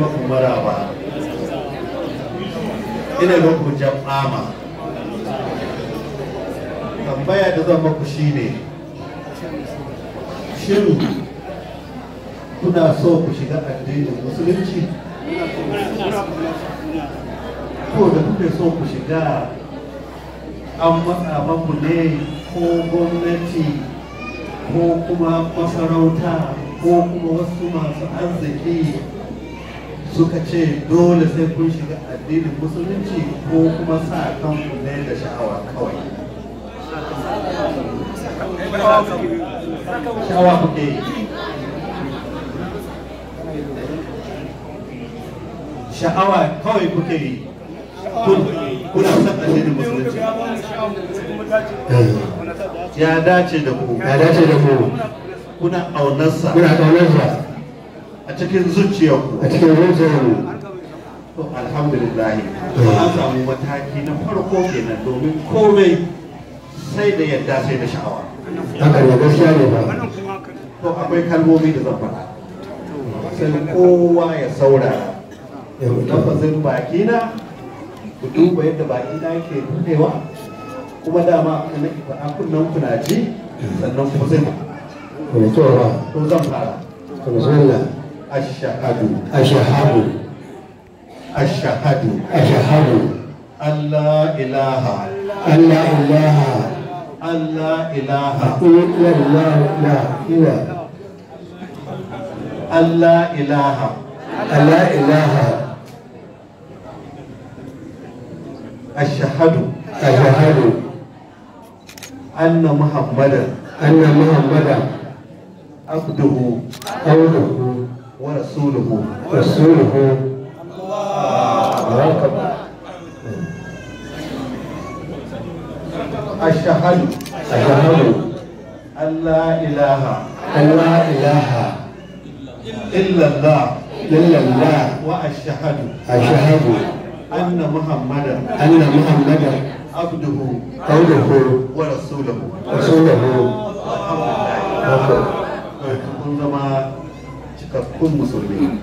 maku maraba ina muku jam'ama tambaya da zan maku shine shin kuna so ku shiga addinin musulunci ko da kuke so ku shiga an maku ne ko gwamnati ko kuma masarauta ko kuma wasu masu arziki suka ce dole sai kun shiga addinin musulunci ko kuma sa kan ne da sha'awa kawai sha'awa kuke yi sha'awa kawai kuke yi kuna son addinin musulunci ya dace da ku ya dace da ku kuna aunarsa kuna aunarsa a cikin zuciyarku a cikin zuciyarku to alhamdulillah an samu mataki na farko kenan domin komai sai da yadda sai da sha'awa haka ne gaskiya ne ba to akwai kalmomi da zan faɗa sai kowa ya saurara lafazin baki na ku duba yadda baki na yake buɗewa kuma dama na ki faɗa kunnan kuna ji sannan ku zai to zan fara to bismillah أشهد أشهد أشهد أشهد أن لا إله أن لا إله أن لا إله إلا الله لا إله أن لا إله أن لا إله أشهد أشهد أن محمدا أن محمدا عبده عبده ورسوله رسوله الله أشهد أشهد أن لا إله أن لا إله إلا الله إلا الله وأشهد أشهد أن محمدا أن محمدا عبده عبده ورسوله رسوله الله 学校もそれで。